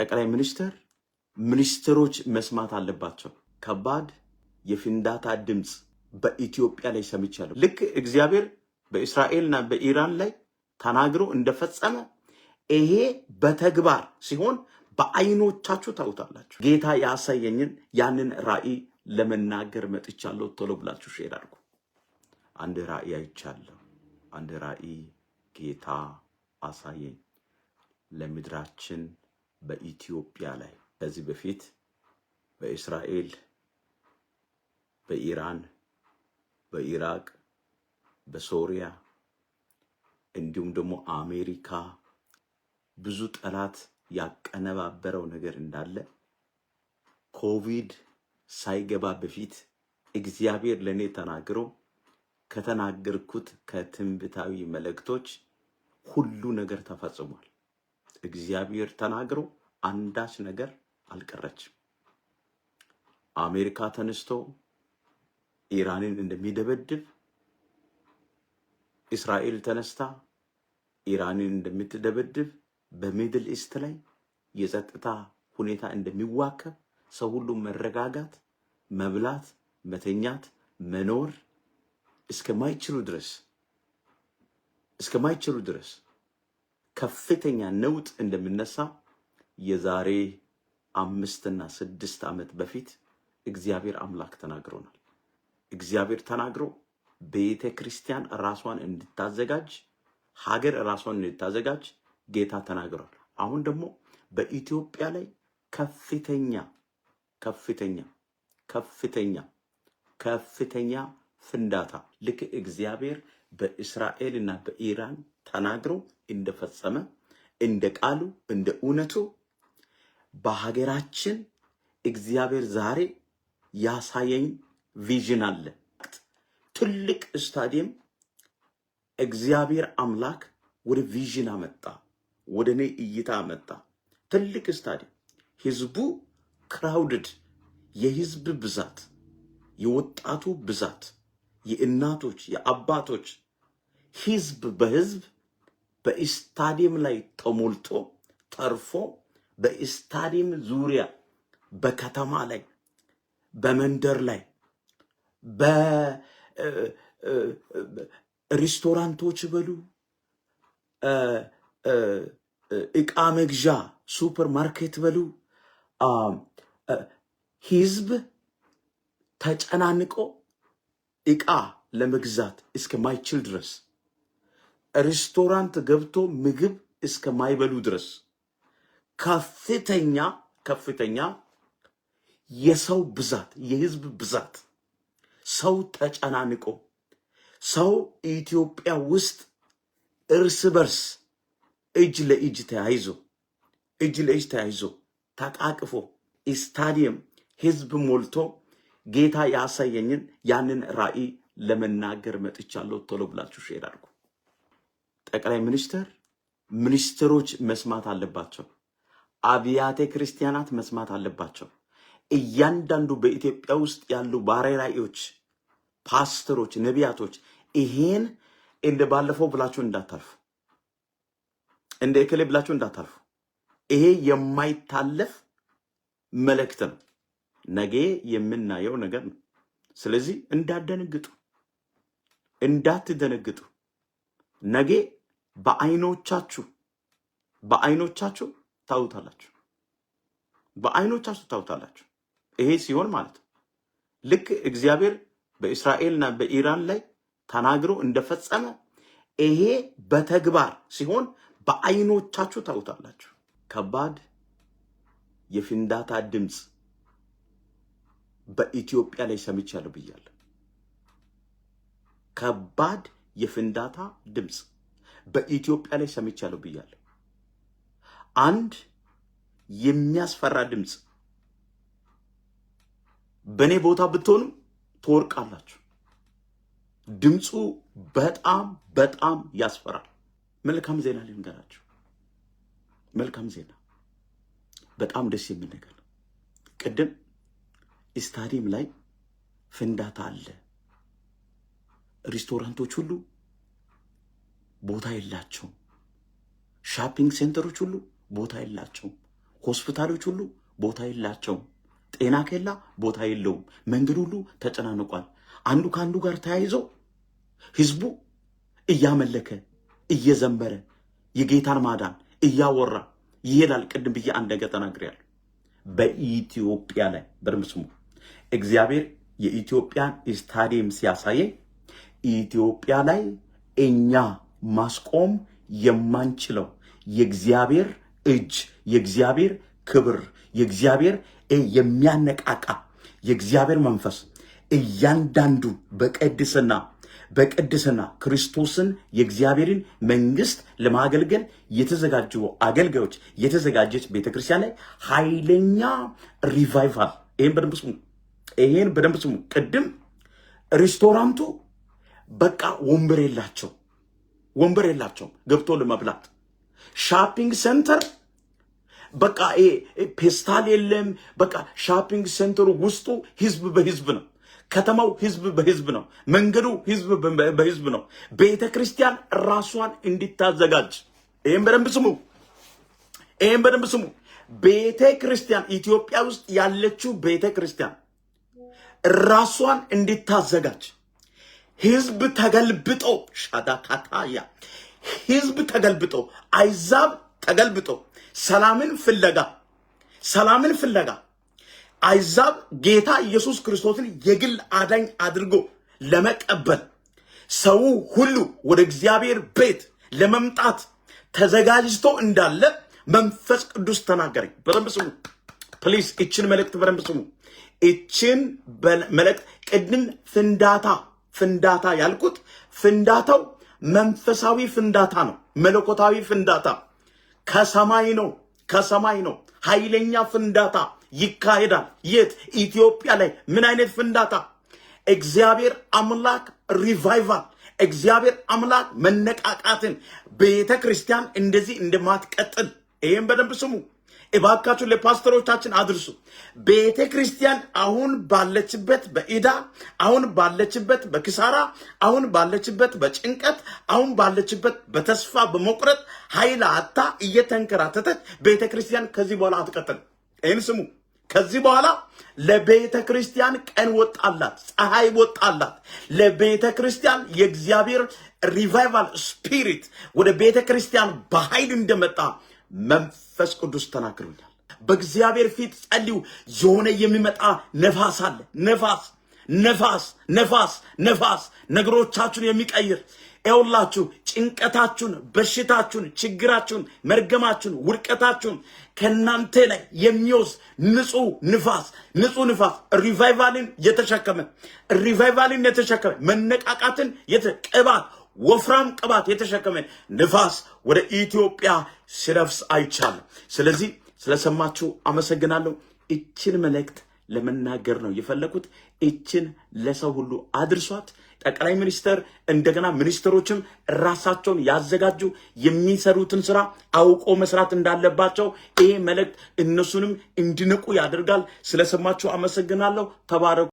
ጠቅላይ ሚኒስትር ሚኒስትሮች መስማት አለባቸው። ከባድ የፍንዳታ ድምፅ በኢትዮጵያ ላይ ሰምቻለሁ። ልክ እግዚአብሔር በእስራኤልና በኢራን ላይ ተናግሮ እንደፈጸመ ይሄ በተግባር ሲሆን በአይኖቻችሁ ታውታላችሁ። ጌታ ያሳየኝን ያንን ራእይ ለመናገር መጥቻለሁ። ቶሎ ብላችሁ ሼር አድርጉ። አንድ ራእይ አይቻለሁ። አንድ ራእይ ጌታ አሳየኝ ለምድራችን በኢትዮጵያ ላይ ከዚህ በፊት በእስራኤል፣ በኢራን፣ በኢራቅ፣ በሶሪያ እንዲሁም ደግሞ አሜሪካ ብዙ ጠላት ያቀነባበረው ነገር እንዳለ ኮቪድ ሳይገባ በፊት እግዚአብሔር ለእኔ ተናግሮ ከተናገርኩት ከትንቢታዊ መልእክቶች ሁሉ ነገር ተፈጽሟል። እግዚአብሔር ተናግሮ አንዳች ነገር አልቀረችም። አሜሪካ ተነስቶ ኢራንን እንደሚደበድብ፣ እስራኤል ተነስታ ኢራንን እንደምትደበድብ፣ በሚድል ኢስት ላይ የጸጥታ ሁኔታ እንደሚዋከብ፣ ሰው ሁሉ መረጋጋት፣ መብላት፣ መተኛት፣ መኖር እስከማይችሉ ድረስ እስከማይችሉ ድረስ ከፍተኛ ነውጥ እንደሚነሳ የዛሬ አምስትና ስድስት ዓመት በፊት እግዚአብሔር አምላክ ተናግሮናል። እግዚአብሔር ተናግሮ ቤተ ክርስቲያን ራሷን እንድታዘጋጅ፣ ሀገር ራሷን እንድታዘጋጅ ጌታ ተናግሯል። አሁን ደግሞ በኢትዮጵያ ላይ ከፍተኛ ከፍተኛ ከፍተኛ ከፍተኛ ፍንዳታ ልክ እግዚአብሔር በእስራኤል እና በኢራን ተናግሮ እንደፈጸመ እንደ ቃሉ እንደ እውነቱ በሀገራችን እግዚአብሔር ዛሬ ያሳየኝ ቪዥን አለ። ትልቅ ስታዲየም እግዚአብሔር አምላክ ወደ ቪዥን አመጣ፣ ወደ እኔ እይታ አመጣ። ትልቅ ስታዲየም ህዝቡ ክራውድድ፣ የህዝብ ብዛት፣ የወጣቱ ብዛት፣ የእናቶች የአባቶች ህዝብ በህዝብ በስታዲየም ላይ ተሞልቶ ተርፎ በስታዲየም ዙሪያ በከተማ ላይ በመንደር ላይ በሬስቶራንቶች በሉ እቃ መግዣ ሱፐር ማርኬት በሉ ህዝብ ተጨናንቆ እቃ ለመግዛት እስከማይችል ድረስ ሬስቶራንት ገብቶ ምግብ እስከማይበሉ ድረስ ከፍተኛ ከፍተኛ የሰው ብዛት የህዝብ ብዛት ሰው ተጨናንቆ ሰው ኢትዮጵያ ውስጥ እርስ በርስ እጅ ለእጅ ተያይዞ እጅ ለእጅ ተያይዞ ተቃቅፎ ስታዲየም ህዝብ ሞልቶ ጌታ ያሳየኝን ያንን ራእይ ለመናገር መጥቻለሁ። ቶሎ ብላችሁ ሼር አድርጉ። ጠቅላይ ሚኒስትር ሚኒስትሮች መስማት አለባቸው። አብያተ ክርስቲያናት መስማት አለባቸው። እያንዳንዱ በኢትዮጵያ ውስጥ ያሉ ባሪያ ራእዮች፣ ፓስተሮች፣ ነቢያቶች ይሄን እንደ ባለፈው ብላችሁ እንዳታልፉ፣ እንደ እክሌ ብላችሁ እንዳታልፉ። ይሄ የማይታለፍ መልእክት ነው። ነገ የምናየው ነገር ነው። ስለዚህ እንዳደነግጡ እንዳትደነግጡ። ነገ በአይኖቻችሁ በአይኖቻችሁ ታውታላችሁ በአይኖቻችሁ ታውታላችሁ ይሄ ሲሆን ማለት ነው ልክ እግዚአብሔር በእስራኤልና በኢራን ላይ ተናግሮ እንደፈጸመ ይሄ በተግባር ሲሆን በአይኖቻችሁ ታውታላችሁ ከባድ የፍንዳታ ድምፅ በኢትዮጵያ ላይ ሰምቻለሁ ብያለሁ። ከባድ የፍንዳታ ድምፅ በኢትዮጵያ ላይ ሰምቻለሁ ብያለሁ። አንድ የሚያስፈራ ድምፅ በእኔ ቦታ ብትሆኑ ትወርቃላችሁ። ድምፁ በጣም በጣም ያስፈራል። መልካም ዜና ልንገራችሁ። መልካም ዜና በጣም ደስ የሚል ነገር ነው። ቅድም ስታዲየም ላይ ፍንዳታ አለ። ሪስቶራንቶች ሁሉ ቦታ የላቸውም። ሻፒንግ ሴንተሮች ሁሉ ቦታ የላቸውም። ሆስፒታሎች ሁሉ ቦታ የላቸውም። ጤና ኬላ ቦታ የለውም። መንገድ ሁሉ ተጨናንቋል። አንዱ ከአንዱ ጋር ተያይዞ ህዝቡ እያመለከ እየዘመረ የጌታን ማዳን እያወራ ይሄዳል። ቅድም ብዬ አንድ ነገር ተናግሬያለሁ። በኢትዮጵያ ላይ በደምብ ስሙ። እግዚአብሔር የኢትዮጵያን ስታዲየም ሲያሳየ ኢትዮጵያ ላይ እኛ ማስቆም የማንችለው የእግዚአብሔር እጅ የእግዚአብሔር ክብር የእግዚአብሔር የሚያነቃቃ የእግዚአብሔር መንፈስ እያንዳንዱ በቅድስና በቅድስና ክርስቶስን የእግዚአብሔርን መንግስት ለማገልገል የተዘጋጁ አገልጋዮች የተዘጋጀች ቤተክርስቲያን ላይ ኃይለኛ ሪቫይቫል። ይህን በደንብ ስሙ፣ ይሄን በደንብ ስሙ። ቅድም ሬስቶራንቱ በቃ ወንበር የላቸው፣ ወንበር የላቸውም ገብቶ ለመብላት ሻፒንግ ሴንተር በቃ ፔስታል የለም። በቃ ሻፒንግ ሴንተሩ ውስጡ ህዝብ በህዝብ ነው። ከተማው ህዝብ በህዝብ ነው። መንገዱ ህዝብ በህዝብ ነው። ቤተ ክርስቲያን ራሷን እንድታዘጋጅ ይህም በደንብ ስሙ፣ ይህም በደንብ ስሙ። ቤተ ክርስቲያን ኢትዮጵያ ውስጥ ያለችው ቤተ ክርስቲያን ራሷን እንድታዘጋጅ ህዝብ ተገልብጦ ሻዳካታያ ህዝብ ተገልብጦ አይዛብ ተገልብጦ ሰላምን ፍለጋ ሰላምን ፍለጋ አይዛብ ጌታ ኢየሱስ ክርስቶስን የግል አዳኝ አድርጎ ለመቀበል ሰው ሁሉ ወደ እግዚአብሔር ቤት ለመምጣት ተዘጋጅቶ እንዳለ መንፈስ ቅዱስ ተናገረኝ። በደንብ ስሙ ፕሊዝ፣ እችን መልእክት በደንብ ስሙ። እችን መልእክት ቅድም ፍንዳታ ፍንዳታ ያልኩት ፍንዳታው መንፈሳዊ ፍንዳታ ነው። መለኮታዊ ፍንዳታ ከሰማይ ነው። ከሰማይ ነው። ኃይለኛ ፍንዳታ ይካሄዳል። የት? ኢትዮጵያ ላይ። ምን አይነት ፍንዳታ? እግዚአብሔር አምላክ ሪቫይቫል፣ እግዚአብሔር አምላክ መነቃቃትን ቤተ ክርስቲያን እንደዚህ እንደማትቀጥል ይህም በደንብ ስሙ። እባካችሁ ለፓስተሮቻችን አድርሱ። ቤተ ክርስቲያን አሁን ባለችበት በኢዳ አሁን ባለችበት በክሳራ አሁን ባለችበት በጭንቀት አሁን ባለችበት በተስፋ በመቁረጥ ኃይል አታ እየተንከራተተች ቤተ ክርስቲያን ከዚህ በኋላ አትቀጥል። ይህን ስሙ። ከዚህ በኋላ ለቤተ ክርስቲያን ቀን ወጣላት፣ ፀሐይ ወጣላት። ለቤተ ክርስቲያን የእግዚአብሔር ሪቫይቫል ስፒሪት ወደ ቤተ ክርስቲያን በኃይል እንደመጣ መንፈስ ቅዱስ ተናግሮኛል። በእግዚአብሔር ፊት ጸልዩ። የሆነ የሚመጣ ነፋስ አለ። ነፋስ ነፋስ ነፋስ ነፋስ ነገሮቻችሁን የሚቀይር ይኸውላችሁ፣ ጭንቀታችሁን፣ በሽታችሁን፣ ችግራችሁን፣ መርገማችሁን፣ ውድቀታችሁን ከእናንተ ላይ የሚወስድ ንጹህ ንፋስ ንጹህ ንፋስ ሪቫይቫልን የተሸከመ ሪቫይቫልን የተሸከመ መነቃቃትን ቅባት ወፍራም ቅባት የተሸከመ ንፋስ ወደ ኢትዮጵያ ሲረፍስ አይቻልም። ስለዚህ ስለሰማችሁ አመሰግናለሁ። እችን መልእክት ለመናገር ነው የፈለኩት። እችን ለሰው ሁሉ አድርሷት። ጠቅላይ ሚኒስትር እንደገና ሚኒስትሮችም ራሳቸውን ያዘጋጁ የሚሰሩትን ስራ አውቆ መስራት እንዳለባቸው ይሄ መልእክት እነሱንም እንዲንቁ ያደርጋል። ስለሰማችሁ አመሰግናለሁ። ተባረኩ።